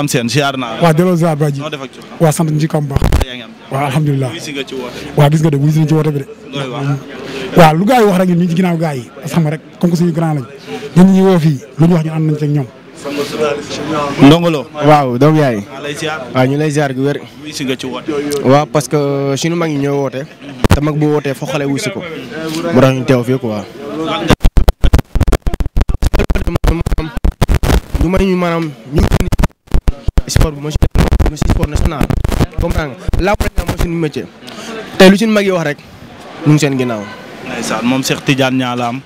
Thiam Sène ziar la. waaw delloo ziar ba ji waaw sant nañu ci kaw bu baax. waaw alhamdulilah waaw gis nga de wuyu si ci woote bi de. waaw lu gars yi wax rek ñun ñu ngi ci ginnaaw gars yi parce que xam nga rek comme que suñu grand lañ ñun ñu ngi woo fii lu ñu wax ñu bu wootee foo xale wuyu ko. mu tax ñu teew fii quoi. du may ñu maanaam ñu sport bi mooy suñu sport national comprendre nga laaw rek mooy suñu métier tey lu suñu mag wax rek ñu seen ginnaaw. moom Cheikh Tidiane Nialaam